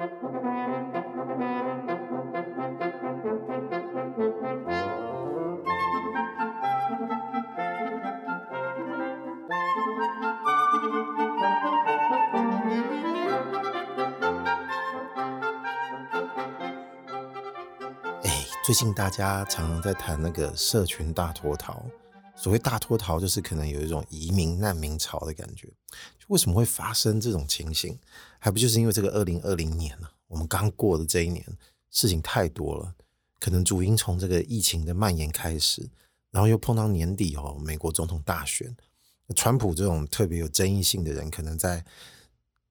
哎、欸，最近大家常常在談那個社群大脫逃。所謂大脫逃，就是可能有一種移民難民潮的感覺。就為什麼會發生這種情形？還不就是因為這個二零二零年啊，我們剛過的這一年，事情太多了。可能主因從這個疫情的蔓延開始，然後又碰到年底哦，美國總統大選，川普這種特別有爭議性的人，可能在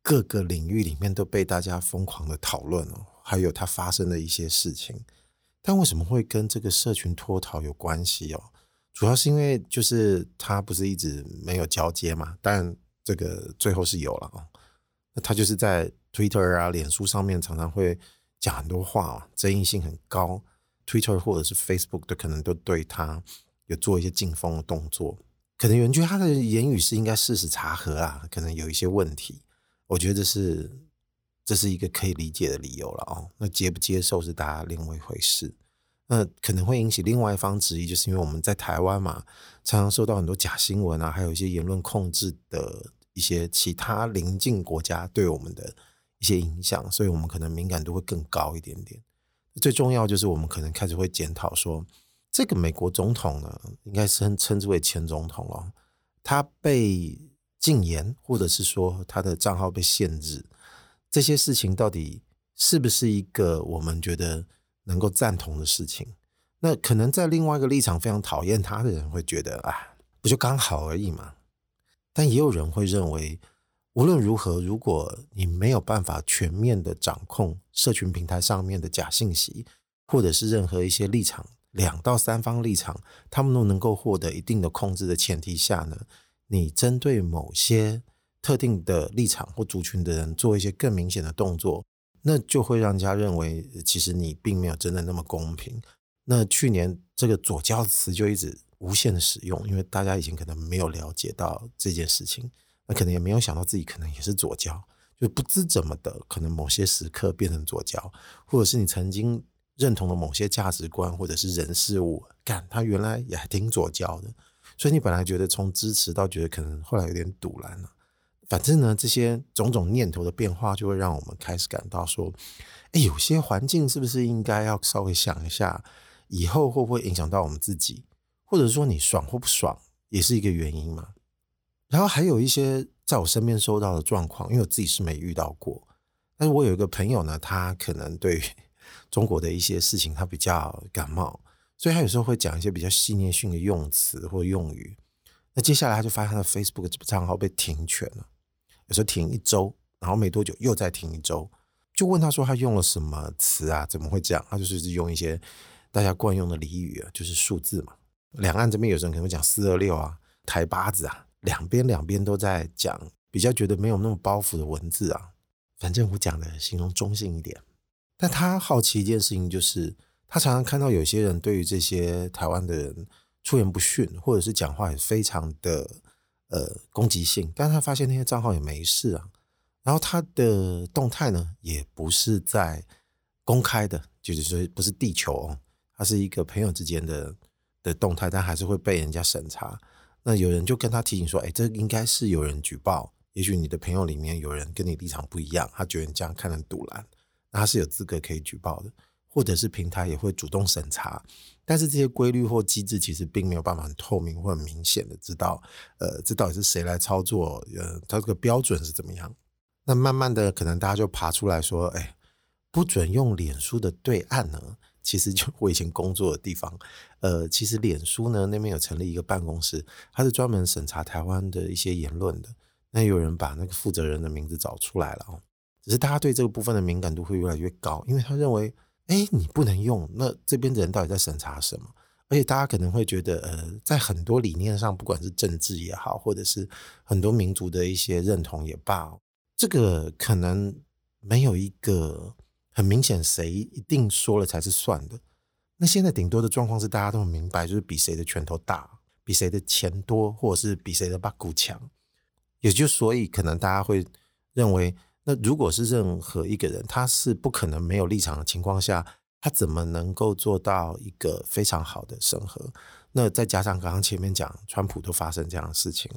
各個領域裡面都被大家瘋狂的討論哦。還有他發生的一些事情，但為什麼會跟這個社群脫逃有關係哦？主要是因為就是他不是一直沒有交接嘛，但這個最後是有了哦。那他就是在 Twitter 啊、臉書上面常常會講很多話哦，爭議性很高。Twitter 或者是 Facebook 都可能都對他有做一些禁封的動作，可能有人覺得他的言語是應該事實查核啊，可能有一些問題。我覺得是這是一個可以理解的理由了哦。那接不接受是大家另外一回事。那可能會引起另外一方質疑，就是因為我們在台灣嘛，常常受到很多假新聞啊，還有一些言論控制的一些其他鄰近國家對我們的一些影響，所以我們可能敏感度會更高一點點。最重要就是我們可能開始會檢討說，這個美國總統呢，應該稱稱之為前總統了，他被禁言，或者是說他的賬號被限制，這些事情到底是不是一個我們覺得？能夠贊同的事情，那可能在另外一個立場非常討厭他的人會覺得啊，不就剛好而已嘛。但也有人會認為，無論如何，如果你沒有辦法全面的掌控社群平台上面的假信息，或者是任何一些立場，兩到三方立場，他們都能夠獲得一定的控制的前提下呢，你針對某些特定的立場或族群的人做一些更明顯的動作。那就會讓人家認為，其實你並沒有真的那麼公平。那去年這個左膠詞就一直無限的使用，因為大家已經可能沒有了解到這件事情，那可能也沒有想到自己可能也是左膠，就不知怎麼的，可能某些時刻變成左膠，或者是你曾經認同的某些價值觀或者是人事物，幹，他原來也還挺左膠的，所以你本來覺得從支持到覺得可能後來有點賭爛了。反正呢，這些種種念頭的變化，就會讓我們開始感到說：“哎，有些環境是不是應該要稍微想一下，以後會不會影響到我們自己？或者說，你爽或不爽，也是一個原因嘛？”然後還有一些在我身邊收到的狀況，因為我自己是沒遇到過，但是我有一個朋友呢，他可能對中國的一些事情他比較感冒，所以他有時候會講一些比較負面性的用詞或用語。那接下來他就發現他的 Facebook 賬號被停權了。有時候停一周，然後沒多久又再停一周，就問他說他用了什麼詞啊？怎麼會這樣？他就是用一些大家慣用的俚語啊，就是數字嘛。兩岸這邊有時候可能講四二六啊、台巴子啊，兩邊兩邊都在講，比較覺得沒有那麼包袱的文字啊。反正我講的形容中性一點。但他好奇一件事情，就是他常常看到有些人對於這些台灣的人出言不遜，或者是講話也非常的。呃，攻擊性，但他發現那些賬號也沒事啊。然後他的動態呢，也不是在公開的，就是說不是地球、哦，他是一個朋友之間的的動態，但還是會被人家審查。那有人就跟他提醒說，哎、欸，這應該是有人舉報，也許你的朋友裡面有人跟你立場不一樣，他覺得你這樣看人賭爛，那他是有資格可以舉報的，或者是平台也會主動審查。但是這些規律或機制其實並沒有辦法很透明或很明顯的知道，呃，這到底是誰來操作？呃，它這個標準是怎麼樣？那慢慢的，可能大家就爬出來說，哎，不准用臉書的對岸呢？其實就我以前工作的地方，呃，其實臉書呢那邊有成立一個辦公室，他是專門審查臺灣的一些言論的。那有人把那個負責人的名字找出來了哦。只是大家對這個部分的敏感度會越來越高，因為他認為。哎，你不能用，那這邊的人到底在審查什麼？而且大家可能會覺得，呃，在很多理念上，不管是政治也好，或者是很多民族的一些認同也罷，這個可能沒有一個很明顯誰一定說了才是算的。那現在頂多的狀況是，大家都很明白，就是比誰的拳頭大，比誰的錢多，或者是比誰的把股強。也就所以可能大家會認為。那如果是任何一個人，他是不可能沒有立場的情況下，他怎麼能夠做到一個非常好的審核？那再加上剛剛前面講，川普都發生這樣的事情，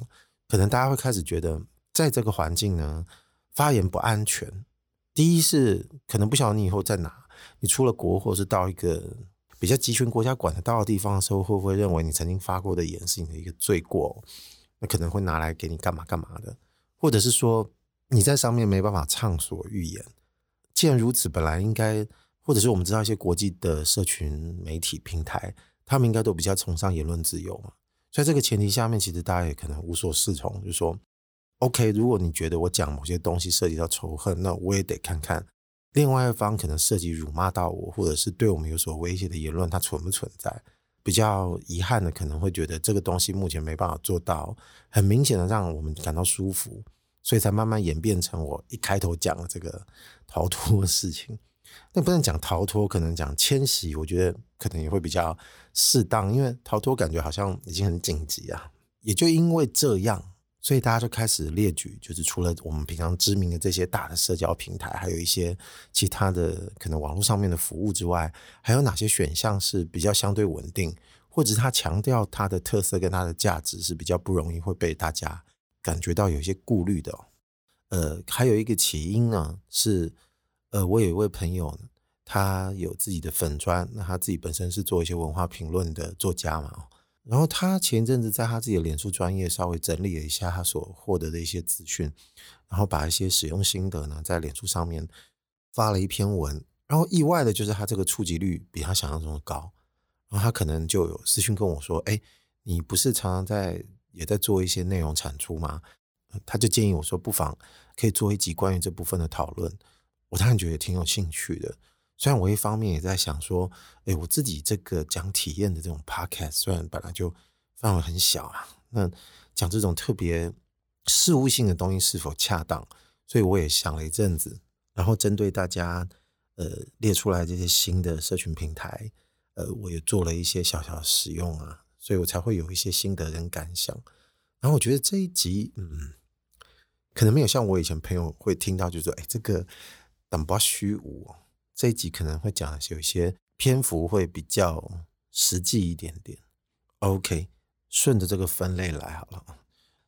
可能大家會開始覺得，在這個環境呢，發言不安全。第一是可能不曉得你以後在哪，你出了國或者是到一個比較極權國家管得到的地方的時候，會不會認為你曾經發過的言是你的一個罪過？那可能會拿來給你幹嘛幹嘛的，或者是說。你在上面沒辦法暢所欲言。既然如此，本來應該，或者是我們知道一些國際的社群媒體平台，他們應該都比較崇尚言論自由嘛。所以這個前提下面，其實大家也可能無所適從，就是說 OK，如果你覺得我講某些東西涉及到仇恨，那我也得看看另外一方可能涉及辱罵到我，或者是對我們有所威脅的言論，它存不存在？比較遺憾的，可能會覺得這個東西目前沒辦法做到很明顯的讓我們感到舒服。所以才慢慢演變成我一開頭講的這個逃脫的事情。那不能講逃脫，可能講遷徙，我覺得可能也會比較適當，因為逃脫感覺好像已經很緊急啊。也就因為這樣，所以大家就開始列舉，就是除了我們平常知名的這些大的社交平台，還有一些其他的可能網絡上面的服務之外，還有哪些選項是比較相對穩定，或者它強調它的特色跟它的價值是比較不容易會被大家感覺到有一些顧慮的、哦，呃，還有一個起因呢、啊、是，呃，我有一位朋友，他有自己的粉專，那他自己本身是做一些文化評論的作家嘛，然後他前陣子在他自己的臉書專頁稍微整理了一下他所獲得的一些資訊，然後把一些使用心得呢在臉書上面發了一篇文，然後意外的就是他這個觸及率比他想象中的高，然後他可能就有私訊跟我說，哎、欸，你不是常常在也在做一些內容產出嗎、嗯？他就建議我說，不妨可以做一集關於這部分的討論。我當然覺得挺有興趣的。雖然我一方面也在想說，誒、欸，我自己這個講體驗的這種 podcast，雖然本來就範圍很小啊，那講這種特別事務性的東西是否恰當？所以我也想了一陣子。然後針對大家呃列出來這些新的社群平台，呃，我也做了一些小小的使用啊。所以我才會有一些心得跟感想，然後我覺得這一集，嗯，可能沒有像我以前朋友會聽到，就是說，哎、欸，這個等不到虛無，這一集可能會講有一些篇幅會比較實際一點點。OK，順着這個分類來好了，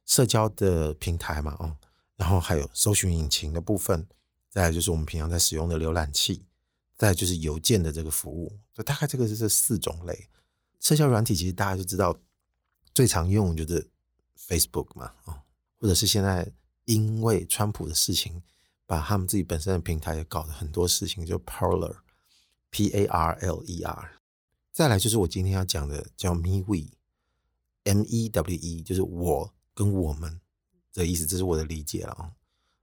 社交的平台嘛，啊、嗯，然後還有搜尋引擎的部分，再來就是我們平常在使用的瀏覽器，再來就是郵件的這個服務，大概這個是這四種類。社交軟體其實大家就知道，最常用就是 Facebook 嘛，啊，或者是現在因為川普的事情，把他們自己本身的平台也搞了很多事情，就 Parler，P A R L E R。再來就是我今天要講的叫 MeWe，M E W E，就是我跟我們的意思，這是我的理解了啊。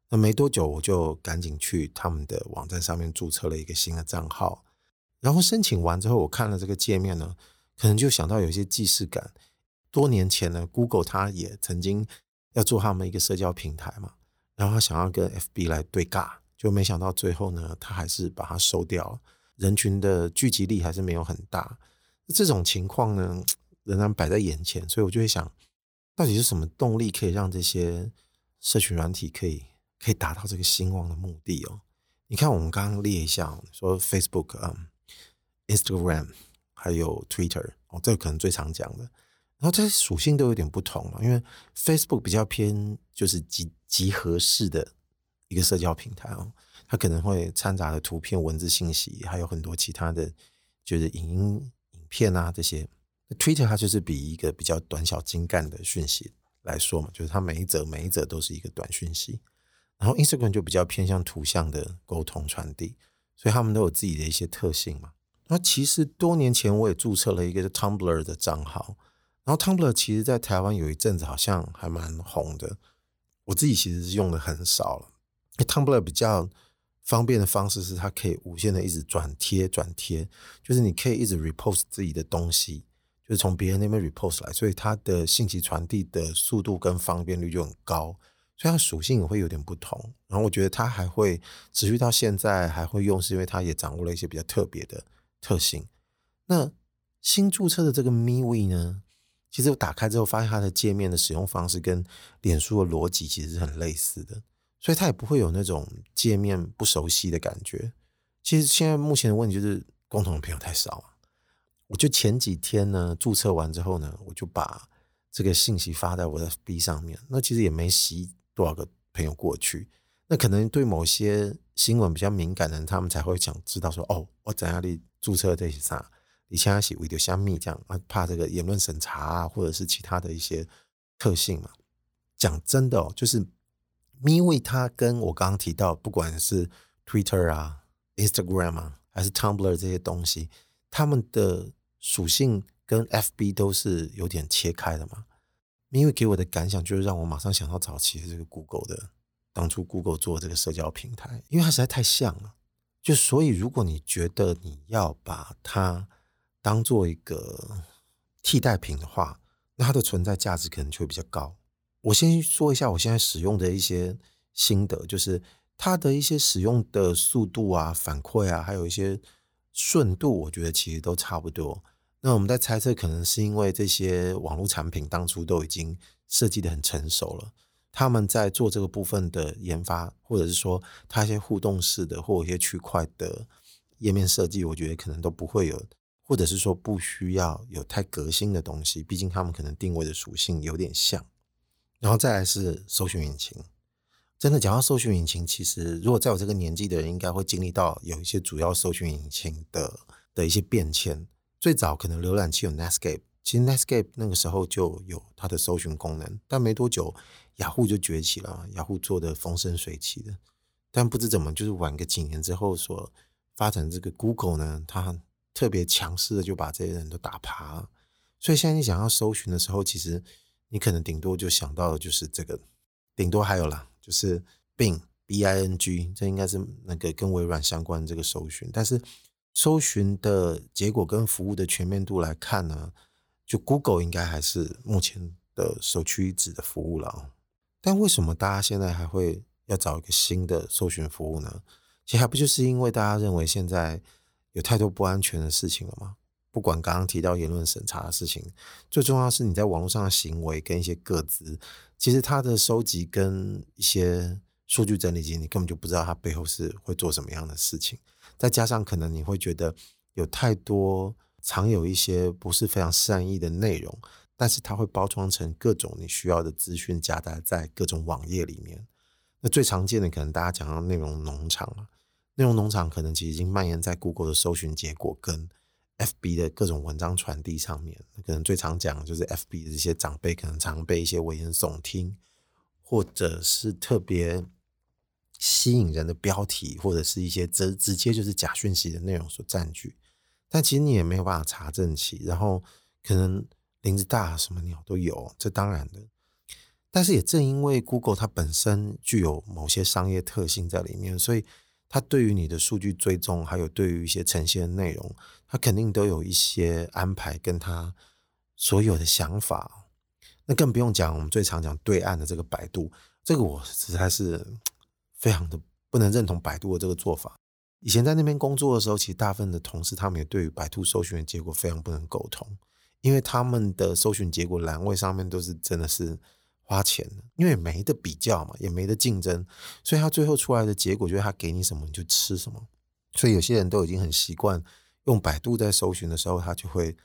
那沒多久我就趕緊去他們的網站上面注冊了一個新的賬號，然後申請完之後，我看了這個界面呢，可能就想到有一些既視感。多年前呢，Google 它也曾經要做他們一個社交平台嘛，然後他想要跟 FB 來對尬，就沒想到最後呢，他還是把它收掉。人群的聚集力還是沒有很大。這種情況呢，仍然擺在眼前，所以我就會想，到底是什麼動力可以讓這些社群軟體可以可以達到這個興旺的目的哦？你看我們剛剛列一下，說 Facebook 啊，um，Instagram。還有 Twitter 哦，這個可能最常講的。然後這些屬性都有點不同嘛，因為 Facebook 比較偏就是集集合式的一個社交平台哦，它可能會摻雜了圖片、文字信息，還有很多其他的就是影音影片啊這些。Twitter 它就是比一個比較短小精幹的訊息來說嘛，就是它每一則每一則都是一個短訊息。然後 Instagram 就比較偏向圖像的溝通傳遞，所以他們都有自己的一些特性嘛。那其實多年前我也註冊了一個 Tumblr 的賬號，然後 Tumblr 其實在台灣有一陣子好像還蠻紅的。我自己其實是用的很少了，因為 Tumblr 比較方便的方式是它可以無限的一直轉貼轉貼，就是你可以一直 repost 自己的東西，就是從別人那邊 repost 來，所以它的信息傳遞的速度跟方便率就很高，所以它屬性也會有點不同。然後我覺得它還會持續到現在還會用，是因為它也掌握了一些比較特別的特性。那新註冊的這個 MeWe 呢，其實我打開之後發現它的界面的使用方式跟臉書的邏輯其實是很類似的，所以它也不會有那種界面不熟悉的感覺。其實現在目前的問題就是共同的朋友太少啊。我就前幾天呢註冊完之後呢，我就把這個信息發在我的 B 上面，那其實也沒吸多少個朋友過去。那可能對某些新聞比較敏感的人，他們才會想知道說：“哦，我在哪裡註冊這些啥？而且是為着加密這樣怕這個言論審查啊，或者是其他的一些特性嘛。”講真的哦，就是 MeWe，它跟我剛剛提到，不管是 Twitter 啊、Instagram 啊還是 Tumblr 這些東西，他們的屬性跟 FB 都是有點切開的嘛。MeWe 給我的感想就是，讓我馬上想到早期的這個 Google 的。當初 Google 做這個社交平台，因為它實在太像了，就所以如果你覺得你要把它當做一個替代品的話，那它的存在價值可能就會比較高。我先說一下我現在使用的一些心得，就是它的一些使用的速度啊、反饋啊，還有一些順度，我覺得其實都差不多。那我們在猜測，可能是因為這些網絡產品當初都已經設計得很成熟了。他們在做這個部分的研發，或者是說他一些互動式的，或一些區塊的頁面設計，我覺得可能都不會有，或者是說不需要有太革新的東西。畢竟他們可能定位的屬性有點像。然後再來是搜尋引擎，真的講到搜尋引擎，其實如果在我這個年紀的人，應該會經歷到有一些主要搜尋引擎的的一些變遷。最早可能瀏覽器有 Netscape，其實 Netscape 那個時候就有它的搜尋功能，但沒多久。雅虎就崛起了，雅虎做得風生水起的，但不知怎麼，就是晚個幾年之後，所發展這個 Google 呢，它特別強勢的就把這些人都打趴。所以現在你想要搜尋的時候，其實你可能頂多就想到的就是這個，頂多還有啦，就是 Bing，B I N G，這應該是那個跟微軟相關的這個搜尋。但是搜尋的結果跟服務的全面度來看呢，就 Google 應該還是目前的首屈一指的服務了。但為什麼大家現在還會要找一個新的搜尋服務呢？其實還不就是因為大家認為現在有太多不安全的事情了嗎？不管剛剛提到言論審查的事情，最重要的是你在網絡上的行為跟一些個資，其實它的收集跟一些數據整理機，你根本就不知道它背後是會做什麼樣的事情。再加上可能你會覺得有太多藏有一些不是非常善意的內容。但是它會包裝成各種你需要的資訊，夾帶在各種網頁裡面。那最常見的可能大家講到內容農場了，啊，內容農場可能其實已經蔓延在 Google 的搜尋結果跟 FB 的各種文章傳遞上面。可能最常講的就是 FB 的一些長輩可能常被一些危言聳聽，或者是特別吸引人的標題，或者是一些直接就是假訊息的內容所占據。但其實你也沒有辦法查證其，然後可能。林子大啊，什麼鳥都有，這當然的。但是也正因為 Google 它本身具有某些商業特性在裡面，所以它對於你的數據追蹤，還有對於一些呈現的內容，它肯定都有一些安排，跟它所有的想法。那更不用講，我們最常講對岸的這個百度，這個我實在是非常的不能認同百度的這個做法。以前在那邊工作的時候，其實大部分的同事他們也對於百度搜尋的結果非常不能苟同。因為他們的搜尋結果欄位上面都是真的是花錢的，因為沒得比較嘛，也沒得競爭，所以他最後出來的結果就是他給你什麼你就吃什麼。所以有些人都已經很習慣用百度在搜尋的時候，他就會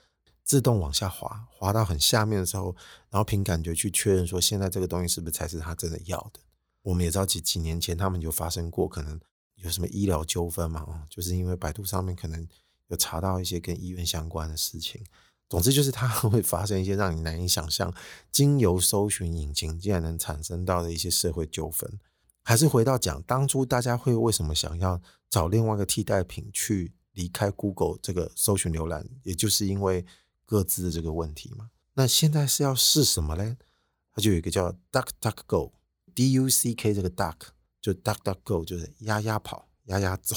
自動往下滑，滑到很下面的時候，然後憑感覺去確認說，現在這個東西是不是才是他真的要的。我們也知道，幾幾年前他們就發生過可能有什麼醫療糾紛嘛，就是因為百度上面可能有查到一些跟醫院相關的事情。總之就是它會發生一些讓你難以想象，經由搜尋引擎竟然能產生到的一些社會糾紛。還是回到講，當初大家會為什麼想要找另外一個替代品去離開 Google 這個搜尋瀏覽，也就是因為各自的這個問題嘛。那現在是要試什麼嘞？它就有一個叫 Duck Duck Go，D U C K 這個 Duck 就 Duck Duck Go 就是鴨鴨跑、鴨鴨走。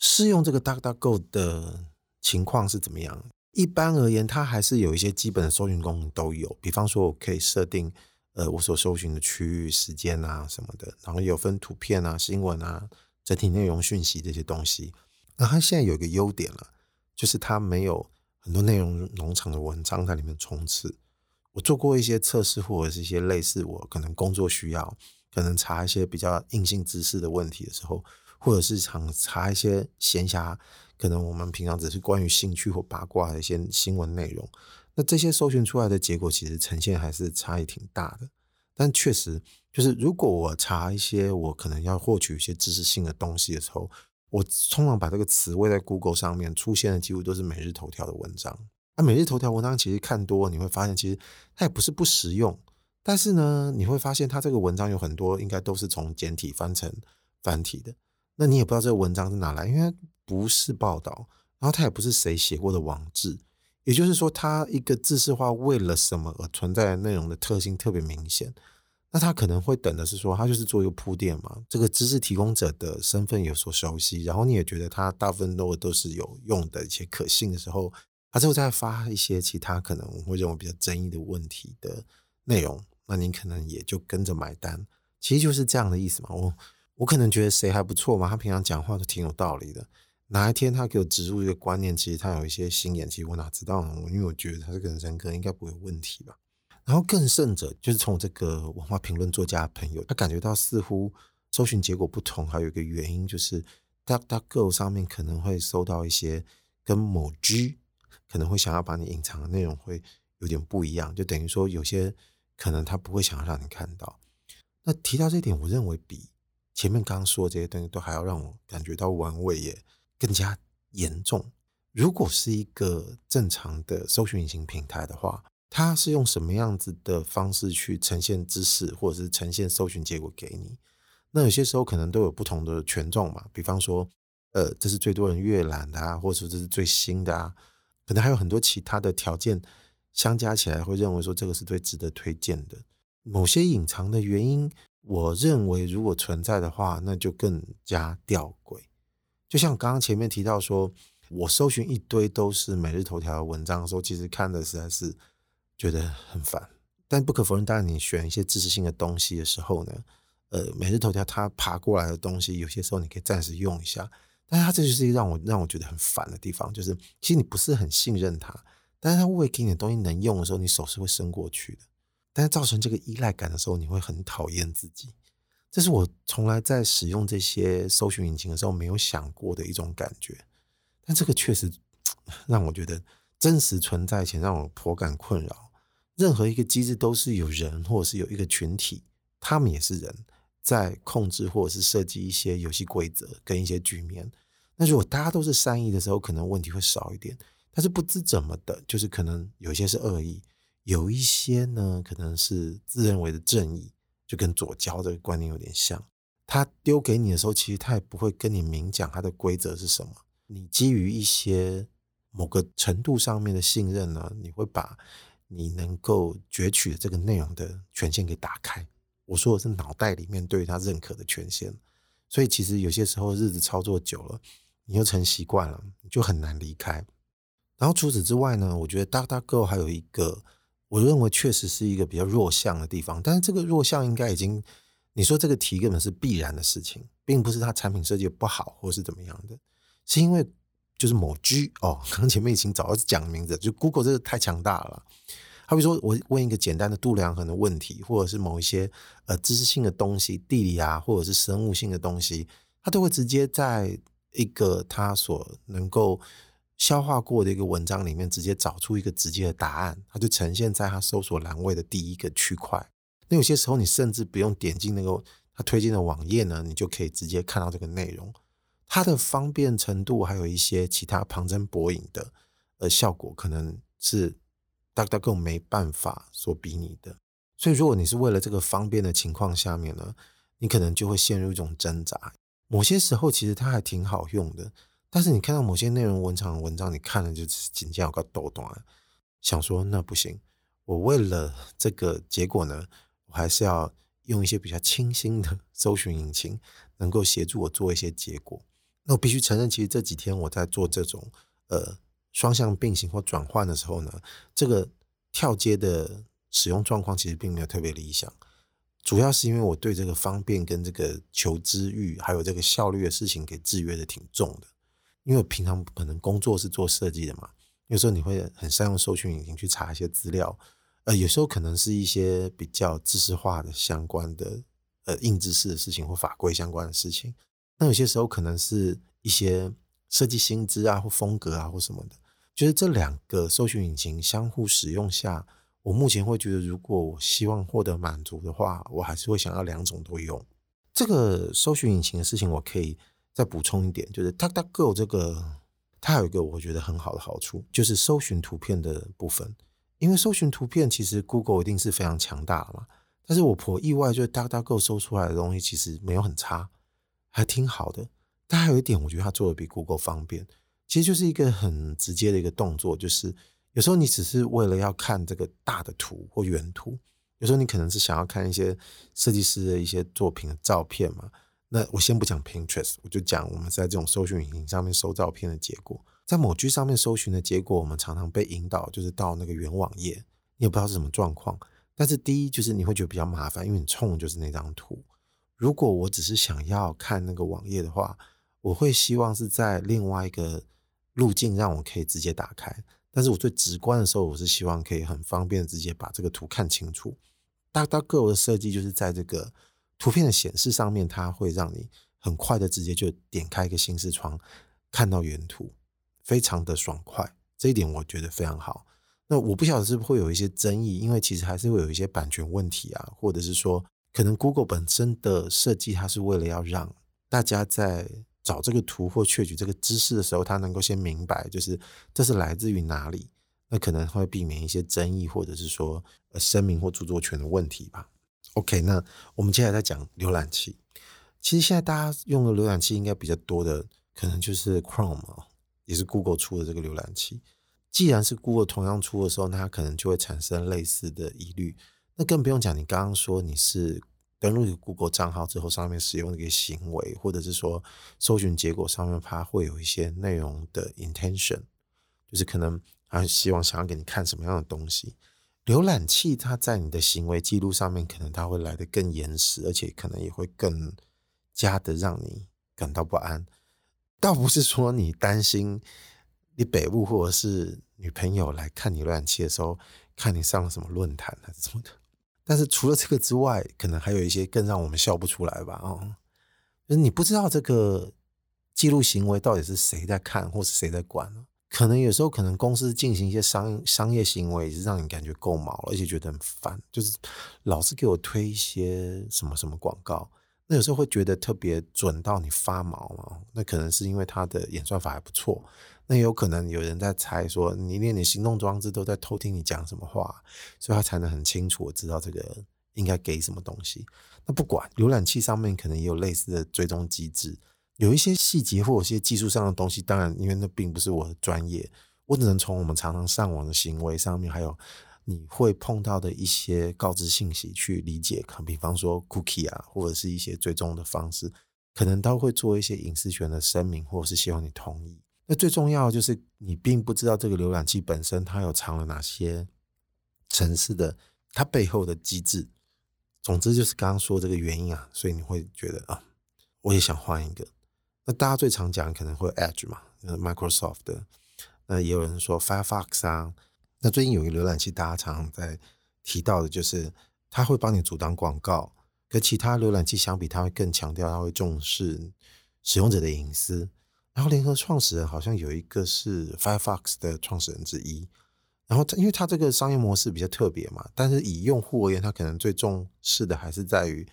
試用這個 Duck Duck Go 的情況是怎麼樣？一般而言，它還是有一些基本的搜尋功能都有，比方說我可以設定，呃，我所搜尋的區域、時間啊什麼的，然後有分圖片啊、新聞啊、整體內容、訊息這些東西。那它現在有一個優點了，啊，就是它沒有很多內容農場的文章在裡面充斥。我做過一些測試，或者是一些類似我可能工作需要，可能查一些比較硬性知識的問題的時候，或者是常查一些閒暇。可能我們平常只是關於興趣或八卦的一些新聞內容，那這些搜尋出來的結果其實呈現還是差異挺大的。但確實，就是如果我查一些我可能要獲取一些知識性的東西的時候，我通常把這個詞餵在 Google 上面，出現的幾乎都是《每日頭條》的文章。啊，《每日頭條》文章其實看多，你會發現其實它也不是不實用，但是呢，你會發現它這個文章有很多應該都是從簡體翻成繁體的，那你也不知道這個文章是哪來，因為。不是報道，然後它也不是誰寫過的網誌，也就是說，它一個知識化為了什麼而存在的內容的特性特別明顯。那他可能會等的是說，他就是做一個鋪墊嘛。這個知識提供者的身份有所熟悉，然後你也覺得他大部分都都是有用的一些可信的時候，他、啊、最後再發一些其他可能會認為比較爭議的問題的內容，那你可能也就跟着買單。其實就是這樣的意思嘛。我我可能覺得誰還不錯嘛，他平常講話都挺有道理的。哪一天他給我植入一個觀念，其實他有一些心眼，其實我哪知道呢？我因為我覺得他這個人人格應該不會有問題吧。然後更甚者，就是從我這個文化評論作家的朋友，他感覺到似乎搜尋結果不同，還有一個原因就是，DuckDuckGo 上面可能會搜到一些跟某 G 可能會想要把你隱藏的內容會有點不一樣，就等於說有些可能他不會想要讓你看到。那提到這一點，我認為比前面剛剛說的這些東西都還要讓我感覺到玩味耶。更加嚴重。如果是一個正常的搜尋引擎平台的話，它是用什麼樣子的方式去呈現知識，或者是呈現搜尋結果給你？那有些時候可能都有不同的權重嘛。比方說，呃，這是最多人閱覽的啊，或者說這是最新的啊，可能還有很多其他的條件相加起來會認為說這個是最值得推薦的。某些隱藏的原因，我認為如果存在的話，那就更加吊詭。就像剛剛前面提到說，我搜尋一堆都是每日頭條的文章的時候，其實看的實在是覺得很煩。但不可否認，當然你選一些知識性的東西的時候呢，呃，每日頭條它爬過來的東西，有些時候你可以暫時用一下。但是它這就是一個讓我讓我覺得很煩的地方，就是其實你不是很信任它，但是它餵給你的東西能用的時候，你手是會伸過去的。但是造成這個依賴感的時候，你會很討厭自己。這是我從來在使用這些搜尋引擎的時候沒有想過的一種感覺，但這個確實讓我覺得真實存在且讓我頗感困擾。任何一個機制都是有人，或者是有一個群體，他們也是人在控制或者是設計一些遊戲規則跟一些局面。那如果大家都是善意的時候，可能問題會少一點。但是不知怎麼的，就是可能有一些是惡意，有一些呢，可能是自認為的正義。就跟左交的觀念有點像，他丟給你的時候，其實他也不會跟你明講他的規則是什麼。你基於一些某個程度上面的信任呢，你會把你能夠攫取的這個內容的權限給打開。我說的是腦袋裡面對他認可的權限。所以其實有些時候日子操作久了，你又成習慣了，你就很難離開。然後除此之外呢，我覺得 DuckDuckGo 還有一個。我認為確實是一個比較弱項的地方，但是這個弱項應該已經，你說這個題根本是必然的事情，並不是它產品設計不好或是怎麼樣的，是因為就是某 G 哦，剛才前面已經找到講的名字，就 Google 這個太強大了。他比如說我問一個簡單的度量衡的問題，或者是某一些呃知識性的東西、地理啊，或者是生物性的東西，他都會直接在一個他所能夠。消化過的一個文章裡面，直接找出一個直接的答案，它就呈現在它搜索欄位的第一個區塊。那有些時候，你甚至不用點進那個它推薦的網頁呢，你就可以直接看到這個內容。它的方便程度，還有一些其他旁徵博引的呃效果，可能是 DuckDuckGo 沒辦法所比擬的。所以，如果你是為了這個方便的情況下面呢，你可能就會陷入一種掙扎。某些時候，其實它還挺好用的。但是你看到某些內容文章的文章，你看了就僅要搞抖動啊，想說那不行，我為了這個結果呢，我還是要用一些比較清新的搜尋引擎，能夠協助我做一些結果。那我必須承認，其實這幾天我在做這種呃雙向並行或轉換的時候呢，這個跳接的使用狀況其實並沒有特別理想，主要是因為我對這個方便跟這個求知欲還有這個效率的事情給制約的挺重的。因為平常可能工作是做設計的嘛，有時候你會很善用搜尋引擎去查一些資料，呃，有時候可能是一些比較知識化的相關的，呃，硬知識的事情或法規相關的事情。那有些時候可能是一些設計新知啊或風格啊或什麼的，就是這兩個搜尋引擎相互使用下，我目前會覺得，如果我希望獲得滿足的話，我還是會想要兩種都用。這個搜尋引擎的事情，我可以。再補充一點，就是 DuckDuckGo 這個，它還有一個我覺得很好的好處，就是搜尋圖片的部分。因為搜尋圖片，其實 Google 一定是非常強大的嘛。但是我頗意外，就是 DuckDuckGo 搜出來的東西其實沒有很差，還挺好的。但還有一點，我覺得它做得比 Google 方便。其實就是一個很直接的一個動作，就是有時候你只是為了要看這個大的圖或原圖，有時候你可能是想要看一些設計師的一些作品的照片嘛。那我先不講 Pinterest，我就講我們在這種搜尋引擎上面搜照片的結果，在某居上面搜尋的結果，我們常常被引導，就是到那個原網頁，你也不知道是什麼狀況。但是第一就是你會覺得比較麻煩，因為你衝的就是那張圖。如果我只是想要看那個網頁的話，我會希望是在另外一個路徑讓我可以直接打開。但是我最直觀的時候，我是希望可以很方便的直接把這個圖看清楚。大到個我的設計就是在這個。圖片的顯示上面，它會讓你很快的直接就點開一個新視窗，看到原圖，非常的爽快。這一點我覺得非常好。那我不曉得是不是會有一些爭議，因為其實還是會有一些版權問題啊，或者是說，可能 Google 本身的設計，它是為了要讓大家在找這個圖或擷取這個知識的時候，它能夠先明白，就是這是來自於哪裡，那可能會避免一些爭議，或者是說聲明或著作權的問題吧。OK，那我們接下來再講瀏覽器。其實現在大家用的瀏覽器應該比較多的，可能就是 Chrome，也是 Google 出的這個瀏覽器。既然是 Google 同樣出的時候，那它可能就會產生類似的疑慮。那更不用講，你剛剛說你是登錄 Google 賬號之後，上面使用的一個行為，或者是說搜尋結果上面它會有一些內容的 intention，就是可能啊希望想要給你看什麼樣的東西。瀏覽器它在你的行為記錄上面，可能它會來得更嚴實，而且可能也會更加的讓你感到不安。倒不是說你擔心你北部或者是女朋友來看你瀏覽器的時候，看你上了什麼論壇啊什麼的。但是除了這個之外，可能還有一些更讓我們笑不出來吧？哦、就是、你不知道這個記錄行為到底是誰在看，或者誰在管。可能有時候，可能公司進行一些商商業行為也是讓你感覺夠毛了，而且覺得很煩，就是老是給我推一些什麼什麼廣告。那有時候會覺得特別準到你發毛。那可能是因為它的演算法還不錯。那有可能有人在猜說，你連你行動裝置都在偷聽你講什麼話，所以他才能很清楚，我知道這個應該給什麼東西。那不管瀏覽器上面可能也有類似的追蹤機制。有一些細節或有些技術上的東西，當然，因為那並不是我的專業，我只能從我們常常上網的行為上面，還有你會碰到的一些告知信息去理解。可能，比方說 cookie 啊，或者是一些追蹤的方式，可能都會做一些隱私權的聲明，或者是希望你同意。那最重要的就是你並不知道這個瀏覽器本身它有藏了哪些程式的它背後的機制。總之就是剛剛說這個原因啊，所以你會覺得啊，我也想換一個。那大家最常講可能會 Edge 嘛，Microsoft 的。那也有人說 Firefox 啊。那最近有一個瀏覽器，大家常常在提到的，就是它會幫你阻擋廣告。跟其他瀏覽器相比，它會更強調，它會重視使用者的隱私。然後聯合創始人好像有一個是 Firefox 的創始人之一。然後因為它這個商業模式比較特別嘛，但是以用戶而言，他可能最重視的還是在於。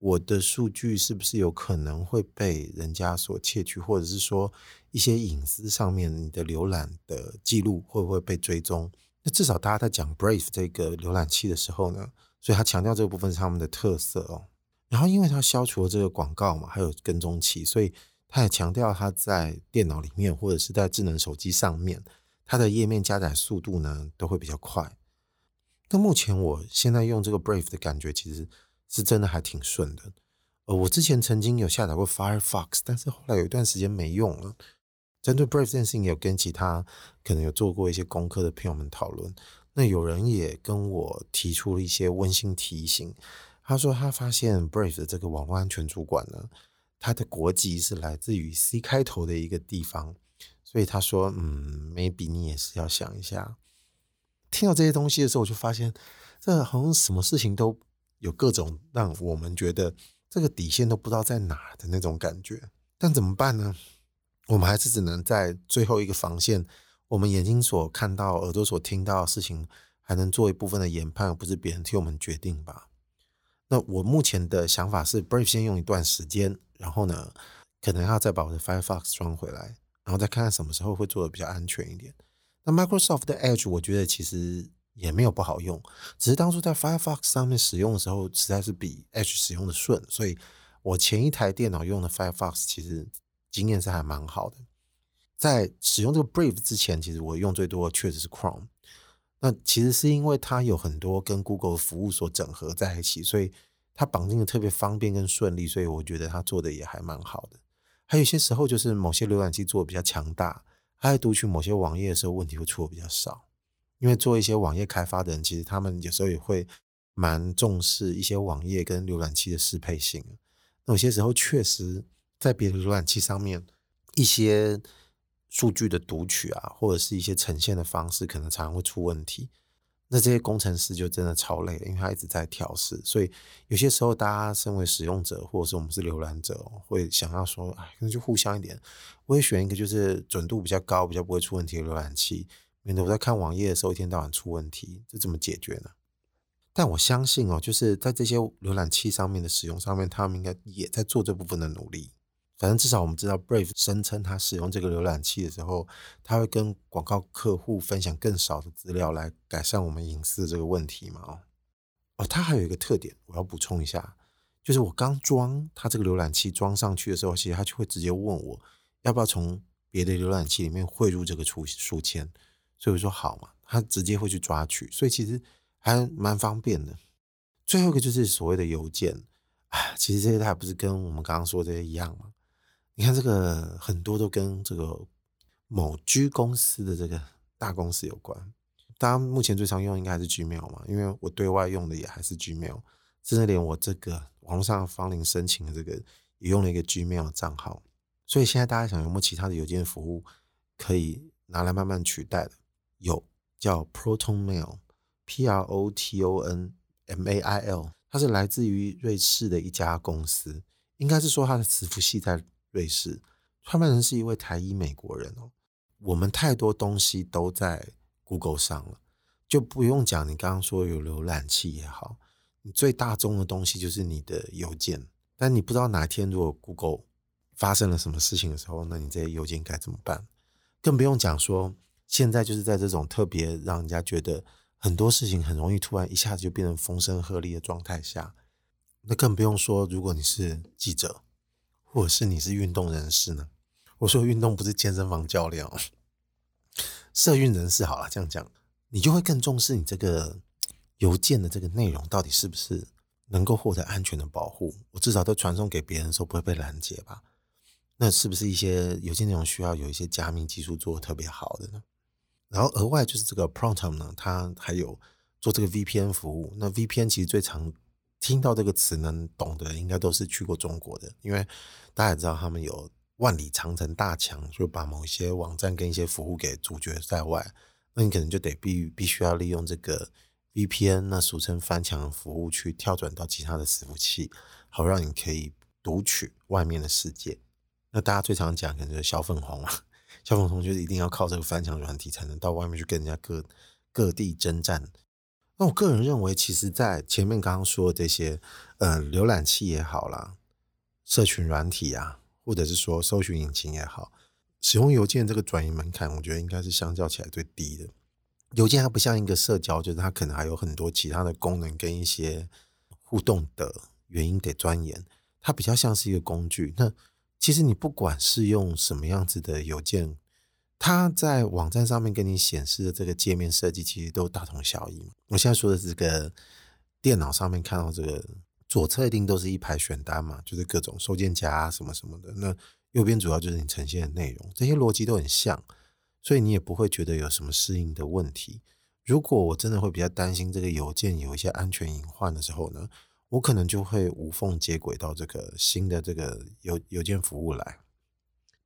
我的數據是不是有可能會被人家所竊取，或者是說一些隱私上面，你的瀏覽的記錄會不會被追蹤？那至少大家在講 Brave 這個瀏覽器的時候呢，所以他強調這個部分是他們的特色哦。然後，因為他消除了這個廣告嘛，還有跟蹤器，所以他也強調他在電腦裡面或者是在智能手機上面，它的頁面加載速度呢都會比較快。那目前我現在用這個 Brave 的感覺其實。是真的還挺順的。呃，我之前曾經有下載過 Firefox，但是後來有一段時間沒用了。針對 Brave 這件事情，有跟其他可能有做過一些功課的朋友們討論。那有人也跟我提出了一些溫馨提醒。他說他發現 Brave 的這個網絡安全主管呢，他的國籍是來自於 C 開頭的一個地方，所以他說，嗯，maybe 你也是要想一下。聽到這些東西的時候，我就發現這好像什麼事情都有各種讓我們覺得這個底線都不知道在哪的那種感覺，但怎麼辦呢？我們還是只能在最後一個防線，我們眼睛所看到、耳朵所聽到的事情，還能做一部分的研判，不是別人替我們決定吧？那我目前的想法是，Brave 先用一段時間，然後呢，可能要再把我的 Firefox 裝回來，然後再看看什麼時候會做得比較安全一點。那 Microsoft 的 Edge，我覺得其實。也沒有不好用，只是當初在 Firefox 上面使用的時候，實在是比 Edge 使用的順，所以我前一台電腦用的 Firefox 其實經驗是還蠻好的。在使用這個 Brave 之前，其實我用最多的確實是 Chrome，那其實是因為它有很多跟 Google 的服務所整合在一起，所以它綁定的特別方便跟順利，所以我覺得它做的也還蠻好的。還有些時候就是某些瀏覽器做的比較強大，還在讀取某些網頁的時候問題會出的比較少。因為做一些網頁開發的人，其實他們有時候也會蠻重視一些網頁跟瀏覽器的適配性。那有些時候確實，在別的瀏覽器上面，一些數據的讀取啊，或者是一些呈現的方式，可能常常會出問題。那這些工程師就真的超累，因為他一直在調試。所以有些時候，大家身為使用者，或者是我們是瀏覽者，會想要說，哎，可能就互相一點，我會選一個就是準度比較高、比較不會出問題的瀏覽器。免得我在看網頁的時候，一天到晚出問題，這怎麼解決呢？但我相信哦，就是在這些瀏覽器上面的使用上面，他們應該也在做這部分的努力。反正至少我們知道，Brave 聲稱他使用這個瀏覽器的時候，他會跟廣告客戶分享更少的資料來改善我們隱私這個問題嘛哦？哦哦，他還有一個特點，我要補充一下，就是我剛裝他這個瀏覽器裝上去的時候，其實他就會直接問我要不要從別的瀏覽器裡面匯入這個書書籤。所以我說好嘛，他直接會去抓取，所以其實還蠻方便的。最後一個就是所謂的郵件，啊，其實這些也不是跟我們剛剛說這些一樣嘛，你看這個很多都跟這個某 G 公司的這個大公司有關。當然目前最常用應該還是 Gmail 嘛，因為我對外用的也還是 Gmail，甚至連我這個網絡上方齡申請的這個也用了一個 Gmail 賬號。所以現在大家想有沒有其他的郵件服務可以拿來慢慢取代的？有，叫 ProtonMail，P-R-O-T-O-N M-A-I-L，它是來自於瑞士的一家公司，應該是說它的伺服器在瑞士，創辦人是一位台裔美國人哦。我們太多東西都在 Google 上了，就不用講你剛剛說有瀏覽器也好，你最大宗的東西就是你的郵件，但你不知道哪一天如果 Google 發生了什麼事情的時候，那你這些郵件該怎麼辦？更不用講說。現在就是在這種特別讓人家覺得很多事情很容易突然一下子就變成風聲鶴唳的狀態下，那更不用說如果你是記者，或者是你是運動人士呢？我說運動不是健身房教練哦，社運人士好了，這樣講你就會更重視你這個郵件的這個內容到底是不是能夠獲得安全的保護？我至少都傳送給別人的時候不會被攔截吧？那是不是一些郵件內容需要有一些加密技術做得特別好的呢？然後額外就是這個 Proton 呢，它還有做這個 VPN 服務。那 VPN 其實最常聽到這個詞能懂的應該都是去過中國的，因為大家也知道他們有萬里長城大牆，就把某些網站跟一些服務給阻絕在外。那你可能就得必必須要利用這個 VPN，那俗稱翻牆服務，去跳轉到其他的服務器，好讓你可以讀取外面的世界。那大家最常講可能就是小粉紅啊。小防同學一定要靠這個翻牆軟體才能到外面去跟人家各各地征戰。那我個人認為，其實，在前面剛剛說的這些，呃，瀏覽器也好啦，社群軟體啊，或者是說搜尋引擎也好，使用郵件這個轉移門檻，我覺得應該是相較起來最低的。郵件它不像一個社交，就是它可能還有很多其他的功能跟一些互動的原因的鑽研，它比較像是一個工具。那其實你不管是用什麼樣子的郵件，它在網站上面跟你顯示的這個界面設計，其實都大同小異嘛。我現在說的這個電腦上面看到這個，左側一定都是一排選單嘛，就是各種收件夾啊什麼什麼的，那右邊主要就是你呈現的內容，這些邏輯都很像，所以你也不會覺得有什麼適應的問題。如果我真的會比較擔心這個郵件有一些安全隱患的時候呢？我可能就會無縫接軌到這個新的這個郵郵件服務來。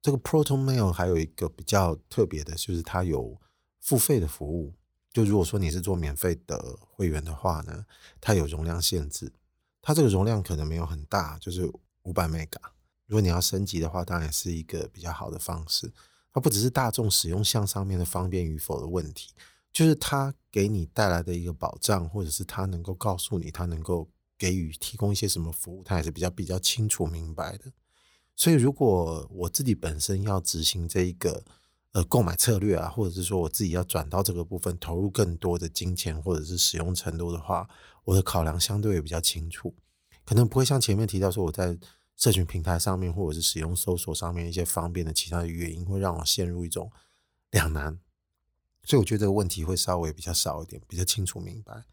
這個 ProtonMail 還有一個比較特別的，就是它有付費的服務。就如果說你是做免費的會員的話呢，它有容量限制，它這個容量可能沒有很大，就是五百 mega。如果你要升級的話，當然是一個比較好的方式。它不只是大眾使用項上面的方便與否的問題，就是它給你帶來的一個保障，或者是它能夠告訴你它能夠。給予提供一些什麼服務，他也是比較比較清楚明白的。所以，如果我自己本身要執行這一個呃購買策略啊，或者是說我自己要轉到這個部分投入更多的金錢或者是使用程度的話，我的考量相對也比較清楚，可能不會像前面提到說我在社群平台上面或者是使用搜索上面一些方便的其他的原因，會讓我陷入一種兩難。所以，我覺得這個問題會稍微比較少一點，比較清楚明白。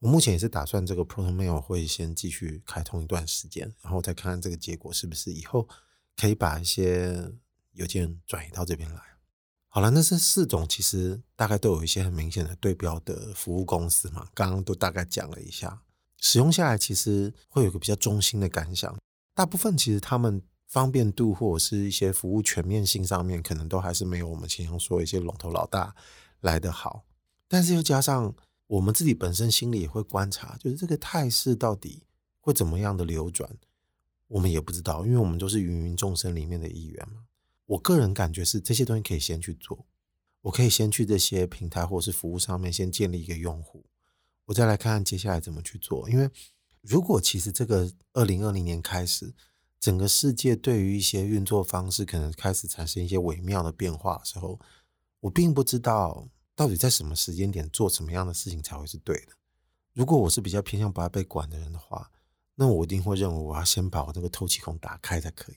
我目前也是打算這個 Proton Mail 會先繼續開通一段時間，然後再看看這個結果是不是以後可以把一些郵件轉移到這邊來。好了，那這四種其實大概都有一些很明顯的對標的服務公司嘛，剛剛都大概講了一下，使用下來其實會有個比較中心的感想，大部分其實他們方便度或者是一些服務全面性上面，可能都還是沒有我們前面說一些龍頭老大來得好，但是又加上，我們自己本身心裡也會觀察，就是這個態勢到底會怎麼樣的流轉，我們也不知道，因為我們都是芸芸眾生裡面的一員嘛。我個人感覺是這些東西可以先去做，我可以先去這些平台或者是服務上面先建立一個用戶，我再來看看接下來怎麼去做。因為如果其實這個二零二零年開始，整個世界對於一些運作方式可能開始產生一些微妙的變化的時候，我並不知道。到底在什麼時間點做什麼樣的事情才會是對的？如果我是比較偏向不愛被管的人的話，那我一定會認為我要先把我這個透氣孔打開才可以。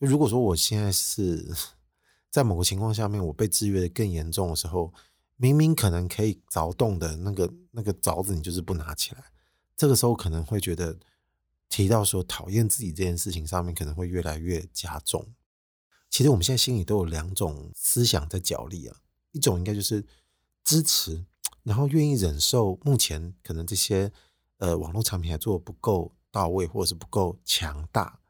就如果說我現在是在某個情況下面，我被制約得更嚴重的時候，明明可能可以鑿洞的那個那個鑿子，你就是不拿起來，這個時候可能會覺得提到說討厭自己這件事情上面，可能會越來越加重。其實我們現在心裡都有兩種思想在角力啊。一種應該就是支持，然後願意忍受目前可能這些呃網絡產品還做得不夠到位，或者是不夠強大。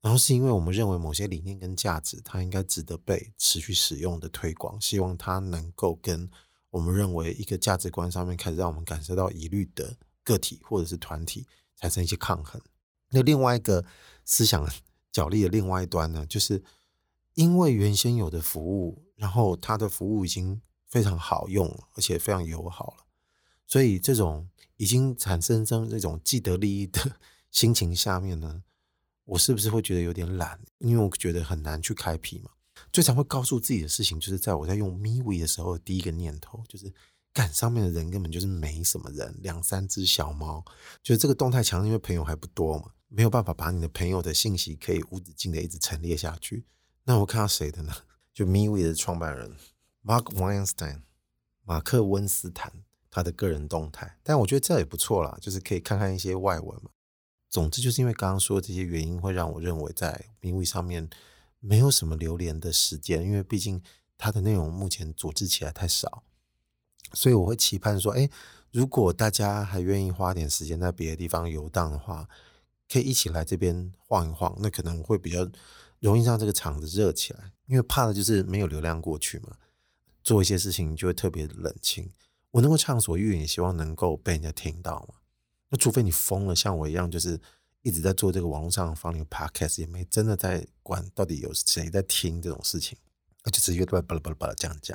然後是因為我們認為某些理念跟價值，它應該值得被持續使用的推廣，希望它能夠跟我們認為一個價值觀上面開始讓我們感受到疑慮的個體或者是團體產生一些抗衡。那另外一個思想角力的另外一端呢，就是因為原先有的服務。然後他的服務已經非常好用了，而且非常友好了，所以這種已經產生出這種既得利益的心情下面呢，我是不是會覺得有點懶？因為我覺得很難去開闢嘛。最常會告訴自己的事情就是，在我在用 MeWe 的時候，第一個念頭就是，趕上面的人根本就是沒什麼人，兩三隻小貓。就是這個動態牆，因為朋友還不多嘛，沒有辦法把你的朋友的信息可以無止境的一直陳列下去。那我看到誰的呢？就 MeWe 的創辦人 Mark Weinstein，馬克溫斯坦，他的個人動態。但我覺得這樣也不錯啦，就是可以看看一些外文嘛。總之，就是因為剛剛說的這些原因，會讓我認為在 MeWe 上面沒有什麼留連的時間，因為畢竟他的內容目前組織起來太少。所以我會期盼說，哎、欸，如果大家還願意花點時間在別的地方遊蕩的話，可以一起來這邊晃一晃，那可能會比較容易讓這個場子熱起來。因為怕的就是沒有流量過去嘛，做一些事情就會特別冷清。我能夠暢所欲言，也希望能夠被人家聽到嘛。那除非你瘋了，像我一樣，就是一直在做這個網絡上放個 podcast，也沒真的在管到底有誰在聽這種事情，那就直接巴拉巴拉巴拉這樣講。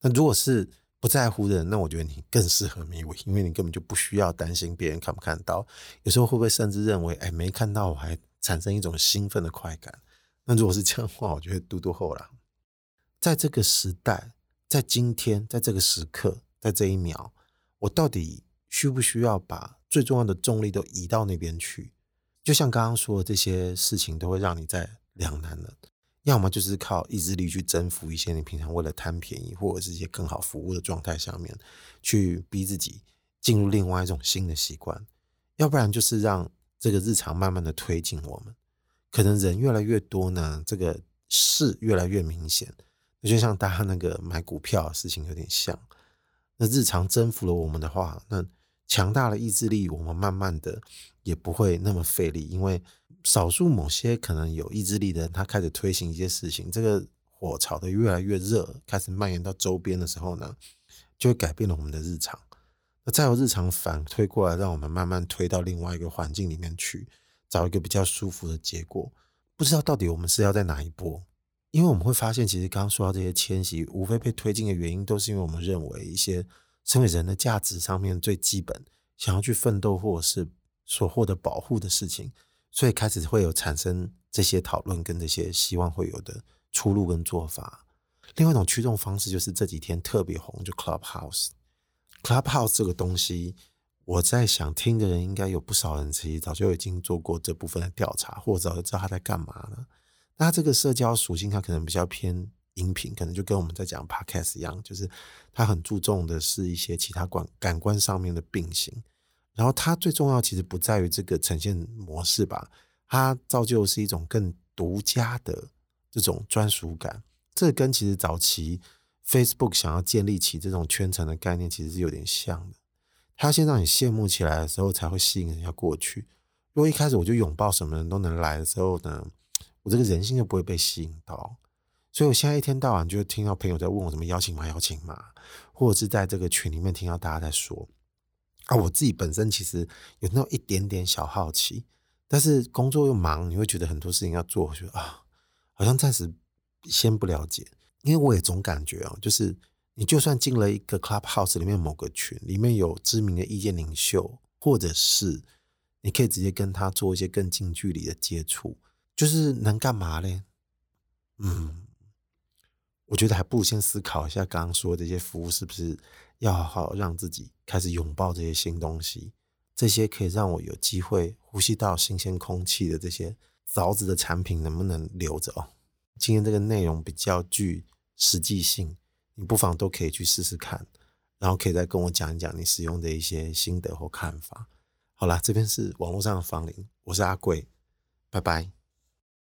那如果是不在乎的人，那我覺得你更適合 MeWe，因為你根本就不需要擔心別人看不看到。有時候會不會甚至認為，哎，沒看到我還產生一種興奮的快感？那如果是這樣的話，我覺得嘟嘟後了。在這個時代，在今天，在這個時刻，在這一秒，我到底需不需要把最重要的重力都移到那邊去？就像剛剛說的，這些事情都會讓你在兩難了。要麼就是靠意志力去征服一些你平常為了貪便宜或者是一些更好服務的狀態下面，去逼自己進入另外一種新的習慣，要不然就是讓這個日常慢慢的推進我們。可能人越來越多呢，這個事越來越明顯，就像大家那個買股票的事情有點像。那日常征服了我們的話，那強大的意志力，我們慢慢的也不會那麼費力，因為少數某些可能有意志力的人，他開始推行一些事情，這個火炒得越來越熱，開始蔓延到周邊的時候呢，就會改變了我們的日常。那再由日常反推過來，讓我們慢慢推到另外一個環境裡面去。找一個比較舒服的結果，不知道到底我們是要在哪一波？因為我們會發現，其實剛剛說到這些遷徙，無非被推進的原因，都是因為我們認為一些成為人的價值上面最基本，想要去奮鬥或者是所獲得保護的事情，所以開始會有產生這些討論跟這些希望會有的出路跟做法。另外一種驅動方式，就是這幾天特別紅，就 Clubhouse。Clubhouse 這個東西。我在想，聽的人應該有不少人，其實早就已經做過這部分的調查，或者早就知道他在幹嘛了。那這個社交屬性，它可能比較偏音頻，可能就跟我們在講 Podcast 一樣，就是它很注重的是一些其他感感官上面的並行。然後它最重要其實不在於這個呈現模式吧，它造就是一種更獨家的這種專屬感。這跟其實早期 Facebook 想要建立起這種圈層的概念，其實是有點像的。他先讓你羨慕起來的時候，才會吸引人家過去。如果一開始我就擁抱什麼人都能來的時候呢，我這個人性就不會被吸引到。所以，我現在一天到晚就聽到朋友在問我什麼邀請碼、邀請碼，或者是在這個群裡面聽到大家在說啊，我自己本身其實有那麼一點點小好奇，但是工作又忙，你會覺得很多事情要做，我就啊，好像暫時先不了解。因為我也總感覺啊，就是。你就算進了一個 Clubhouse 裡面某個群，裡面有知名的意見領袖，或者是你可以直接跟他做一些更近距離的接觸，就是能幹嘛呢？嗯，我覺得還不如先思考一下，剛剛說的這些服務是不是要好好讓自己開始擁抱這些新東西，這些可以讓我有機會呼吸到新鮮空氣的這些鑿子的產品能不能留着哦？今天這個內容比較具實際性。你不妨都可以去試試看，然後可以再跟我講一講你使用的一些心得或看法。好啦，這邊是網絡上的芳鄰，我是阿貴，拜拜。